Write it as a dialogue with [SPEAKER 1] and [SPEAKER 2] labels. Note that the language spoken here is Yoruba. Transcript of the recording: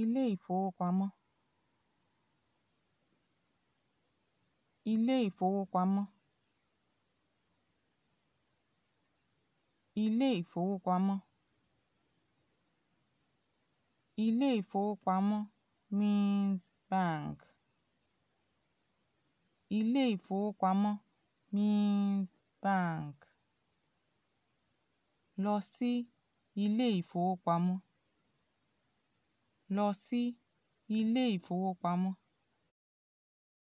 [SPEAKER 1] ilé ìfowópamọ́ ilé ìfowópamọ́ ilé ìfowópamọ́ ilé ìfowópamọ́ means bank ilé ìfowópamọ́ means bank lọ sí ilé ìfowópamọ́ lọ sí ilé ìfowópamọ́